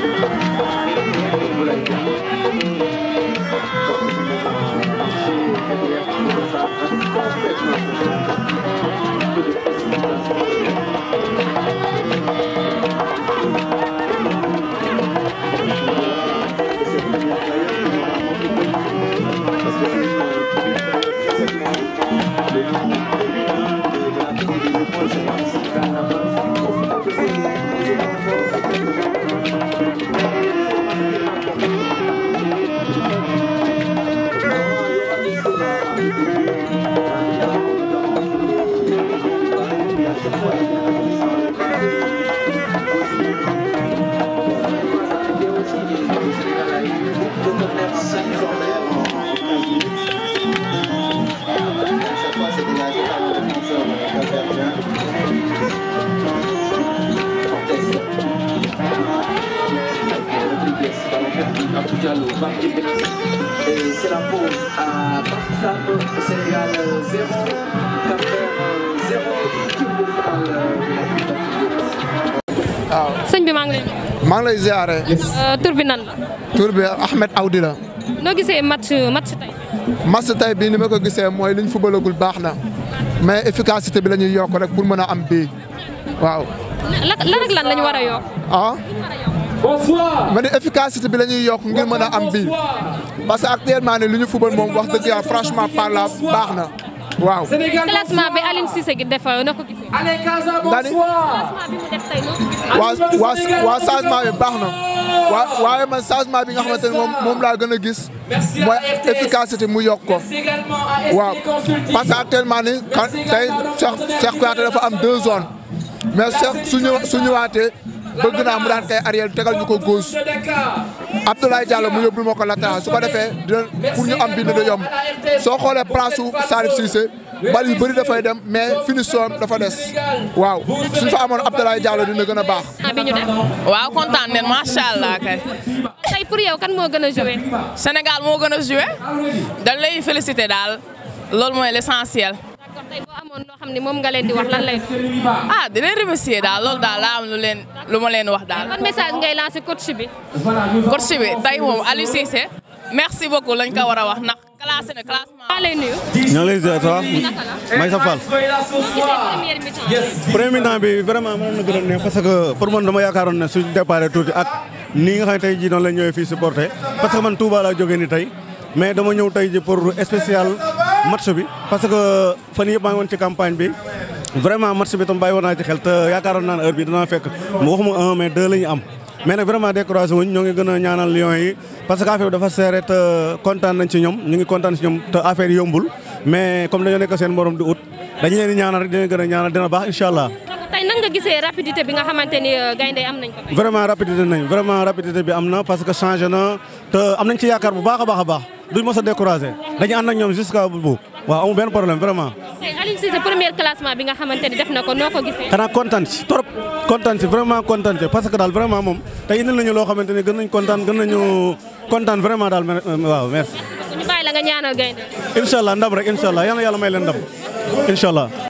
Thank you. Diallo Pape Djibril et c'est la pause à Partizan euh, maa ngi lay. maa ngi lay ziare. Euh, tur la. tur Ahmed Awdi noo gisee match match tey. match bii ni ma ko gisee mooy liñ fubalagul baax na mais efficacité bi lañuy yokk rek pour mën a am bii waaw. lan ak lan lañ war yokk. ah. bonsoir ma ne bi la ñuy yokk ngir mën a am bii parce que actuellement ne lu ñu fubal moom wax dëgg yàlla franchement parlant baax na waaw. classement bi Aliou Cissé na ko gisee. allez Casa bonsoir classement bi waa waa changement bi baax na waa waaye man changement bi nga xamante ne moom moom laa gën a gis mooy efficacité mu yokk ko waaw parce que actuellement ni tey Cheikh Cheikh Kouyaté dafa am deux zones mais Cheikh su bëgg naa mu daan kay Ariel tegal ñu ko góos Abdoulaye Diallo mu yóbbul ma ko la latéral su ko defee dina pour ñu am bind da yomb soo xoolee place u Salif Cissé bal bëri dafay dem mais finition dafa des waaw suñ fa amoon Abdoulaye Diallo dina gën a baax. Ah, bi ñu def waaw kontaan nañ macha allah kay. tey pour yow kan moo gën a joué. Sénégal moo gën a joué dañ la félicité daal loolu mooy l' essentiel. amoon loo xam ni moom nga leen di wax lan lay doon. ah di leen daal loolu daal laa am lu leen lu ma leen wax daal. ban message ngay lancer coach bi. coach bi tey moom Aliou Cissé merci beaucoup lañ ko war a wax ndax classé na classement. maa lay nuyu. ñoo lay nuyu ça va. Maïssa Fall. premier temps bi vraiment mënoon na gën a neex parce que pour man dama yaakaaroon ne suñu départ tuuti ak nii nga xam ne tey jii noonu la ñëwee fii supporté parce que man Touba laa jógee ni tey mais dama ñëw tey ji pour spécial. match bi parce que fan yëpp maa ngi woon ci campagne bi vraiment match bi tam bàyyi woon naa ci xel te yaakaaroon naa ne heure bi dinaa fekk mu waxuma un mais deux la am mais nag vraiment découragé wuñ ngi gën a ñaanal Lions yi parce que affaire dafa serré te kontaan nañ ci ñoom ñu ngi kontaan ci ñoom te affaire yombul mais comme dañoo nekk seen morom di ut dañu leen di ñaanal a ñaanal dina baax incha allah. tey nan nga gisee rapidité bi nga xamante ni euh, gaynde am nañ ko. vraiment rapidité nañ vraiment rapidité bi am na parce que changé na te am ci yaakaar bu baax a a baax. duñ mos a découragé dañuy ànd ak ñoom jusqu'à waaw amul benn problème vraiment. tey Aliou Cissé bi nga xamante ni def na ko noo ko gisee. xanaa kontaan ci trop kontaan ci vraiment kontaan ci parce que daal vraiment moom tey indil loo xamante ni gën nañu kontaan gën nañu kontaan vraiment daal euh, waaw merci. ñu bàyyi la nga ñaanal gaynde. incha ndam rek incha allah na yàlla may leen ndam incha allah.